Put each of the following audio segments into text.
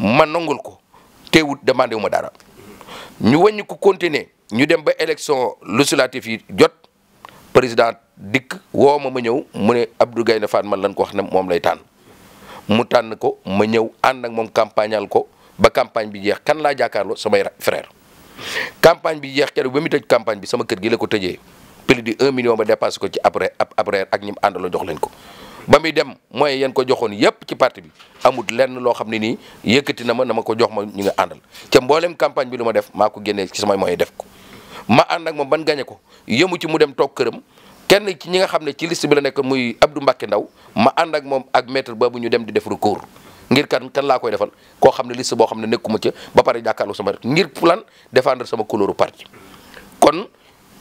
ma nangul ko teewut demandé wu ma dara ñu wàññi ko continuer ñu dem ba élection législative yi jot président dikk woo ma ma ñëw mu ne Abdou Gaynde Fatma man lañ ko wax ne moom lay taan mu tànn ko ma ñëw ànd ak moom campagneal ko ba campagne bi jeex kan laa jàkkaarloo samay frère campagne bi jeex keroog ba mu tëj campagne bi sama kër gi la ko tëjee plus de 1 million ba dépassé ko ci après après ak ñi mu àndaloo jox lañ ko. ba muy dem mooy yéen ko joxoon yépp ci parti bi amut lenn loo xam ne nii yëkkati na ma na ko jox ma ñu nga àndal ca mboolem campagne bi lu ma def maa ko génnee ci sama mooy def ko ma ànd ak moom ban gañe ko yëmu ci mu dem toog këram kenn ci ñi nga xam ne ci liste bi la nekk muy Abdou Mbacké Ndaw ma ànd ak moom ak maître boobu ñu dem di def recours ngir kan kan laa koy defal koo xam ne liste boo xam ne nekkuma ca ba pare jàkkaarloo sama ngir plan défendre sama couleur parti kon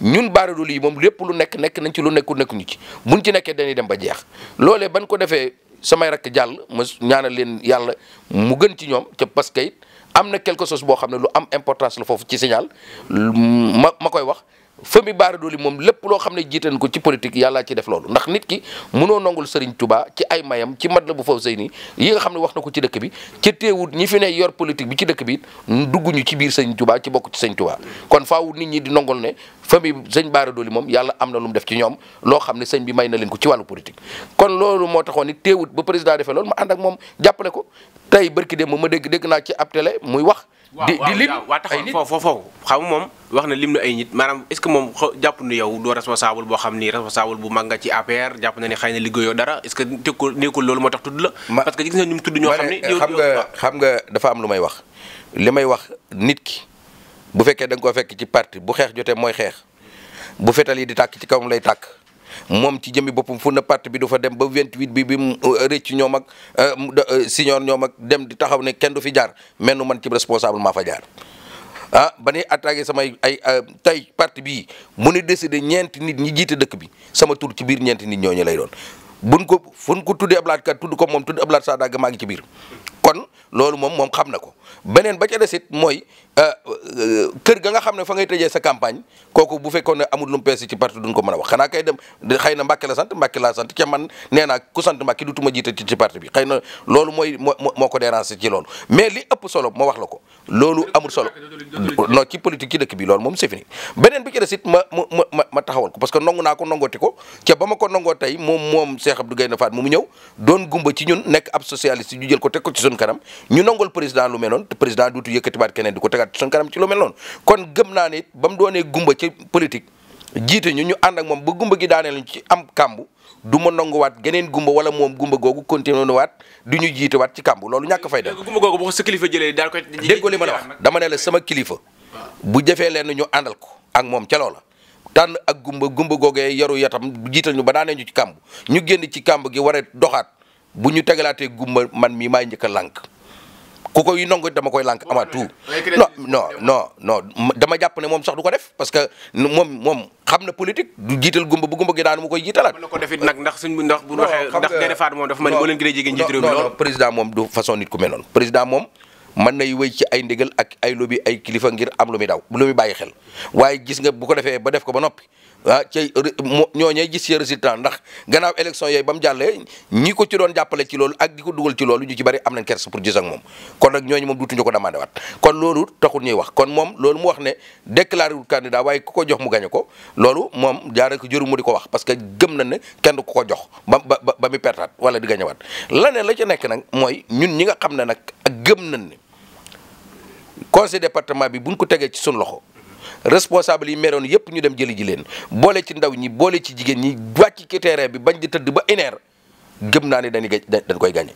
ñun baaraadul yi moom lépp lu nekk nekk nañ ci lu nekkul ñu ci buñ ci nekkee dañuy dem ba jeex loolee ban ko defee samay rakk jàll ma ñaanal leen yàlla mu gën ci ñoom ca parce que am na quelque chose boo xam ne lu am importance la foofu ci signal ma ma koy wax famille Bara Dolly moom lépp loo xam ne jiitan ko ci politique yàllaa ci def loolu ndax nit ki mënoo nongul Serigne tubaa ci ay mayam ci mat la bu faw sëy nii yi nga xam ne wax na ko ci dëkk bi ca ñi fi yor politique bi ci dëkk bi dugguñu ci biir Serigne Touba ci bokk ci Serigne Touba kon faaw nit ñi di nongol ne famille sëñ Bara dooli moom yàlla am na lu mu def ci ñoom loo xam ne sëñ bi may na leen ko ci wàllu politique kon loolu moo taxoon ni teewut ba président defee loolu ma ànd ak moom jàppale ko tey bërki dem ma dégg dégg naa ci ab télé muy wax di di lim waaw tax foofu foofu xam moom wax na lim na ay nit maanaam est-ce que moom jàpp na yow doo responsable boo xam ni responsable bu mag nga ci APR jàpp na ni xay na liggéeyoo dara est-ce que tekkul nekkul loolu moo tax tudd la parce que gis na ñu mu tudd ñoo xam ni xam nga dafa am lu may wax li may wax nit ki bu fekkee da nga koo fekk ci parti bu xeex jotee mooy xeex bu fetal yi di tàkk ci kawam lay tàkk moom ci jëmmi boppum fun na parti bi du fa dem ba 28 bi bi mu euh, rëcc ñoom ak euh, euh, signor ñoom ak dem di taxaw ne kenn du fi jaar mel nu man ci responsable maa fa jaar. ah ba ni attaqué sama ay tey parti bii mu ni décidé ñeenti nit ñi jiite dëkk bi sama tur ci biir ñeenti nit ñooñu lay doon buñ ko fuñ ko tuddee ablaat kat tudd ko moom tudd ablaat Sadaga maa ngi ci biir loolu moom moom xam na ko beneen ba ca desit mooy euh, euh, kër ga nga xam ne fa ngay tëjee sa campagne kooku bu fekkoon ne amul lu mu peese ci parti duñ ko mën a wax xanaa kay dem xëy na Mbàkke la sant Mbàkke laa sant ca man nee naa ku sant Mbàkke dutuma jiite ci parti bi xëy na loolu mooy moo moo ko déranger ci loolu mais li ëpp solo ma wax la ko loolu amul solo non ci politique ci dëkk bi loolu moom c'est fini beneen bi ci desit ma ma ma ma taxawal ko parce que nong naa ko nangooti ko ca ba ma ko moom moom Cheikh Abdou Gaynde Fatma mu ñëw doon gumba ci nekk ab socialiste ñu jël ko teg ko ci suñ kanam ñu nangol président lu meloon noonu te président duutu yëkkatibaat keneen di ko tegaat suñ kanam ci lu mel kon gëm naa ne ba doonee gumba ci politique jiite ñu ñu ànd ak moom ba gumba gi daanee lañ ci am kàmb du ma nanguwaat geneen gumba wala moom gumba googu continué waat du ñu jiite ci kàmb loolu ñàkk fay def gumba googu ko sa kilifa jëlee daal ko déggoo li ma la wax dama ne sama kilifa bu jëfee leen ñu àndal ko ak moom ca loola tànn ak gumba gumba googee yaru yatam jiital ñu ba daanee ñu ci kàmb ñu génn ci kàmb gi war a doxaat bu ñu tegalaatee gumba man mii maay njëkk a lànk ku koy nangu dama koy lànk amatu non non non non dama jàpp ne moom sax du ko def parce que moom moom xam na politique du jiital gumba bu gumba gi daanu mu koy jiitalaat. mën na ko ndax bu ndax Déthié Fall moom dafa mel ni leen gën a jege njiit réew mi lool président moom du façon nit ku mel président moom mën nay wéy ci ay ndigal ak ay lobi ay kilifa ngir am lu muy daw lu muy bàyyi xel waaye gis nga bu ko defee ba def ko ba noppi ah cay ñooñee gis seen résultat ndax ganaaw élection yooyu ba mu jàllee ñi ko ci doon jàppale ci loolu ak di ko dugal ci loolu ñu ci bari am nañ kersa pour gis ak moom kon nag ñooñu moom duutuñu ko demandé waat kon loolu taxul ñuy wax kon moom loolu mu wax ne déclaré wul candidat waaye ku ko jox mu gañe ko loolu moom jaare ko jëru mu di ko wax parce que gëm na ne kenn ku ko jox ba ba ba mu pertaat wala di gañewaat laneen la ca nekk nag mooy ñun ñi nga xam ne nag ak gëm nañ ne conseil département bi bu buñ ko tegee ci sunu loxo responsable yi meroon yëpp ñu dem jëli ji leen boole ci ndaw ñi boole ci jigéen ñi wàcc ci bi bañ di tëdd ba une heure gëm naa ne dañuy dañ koy gagné.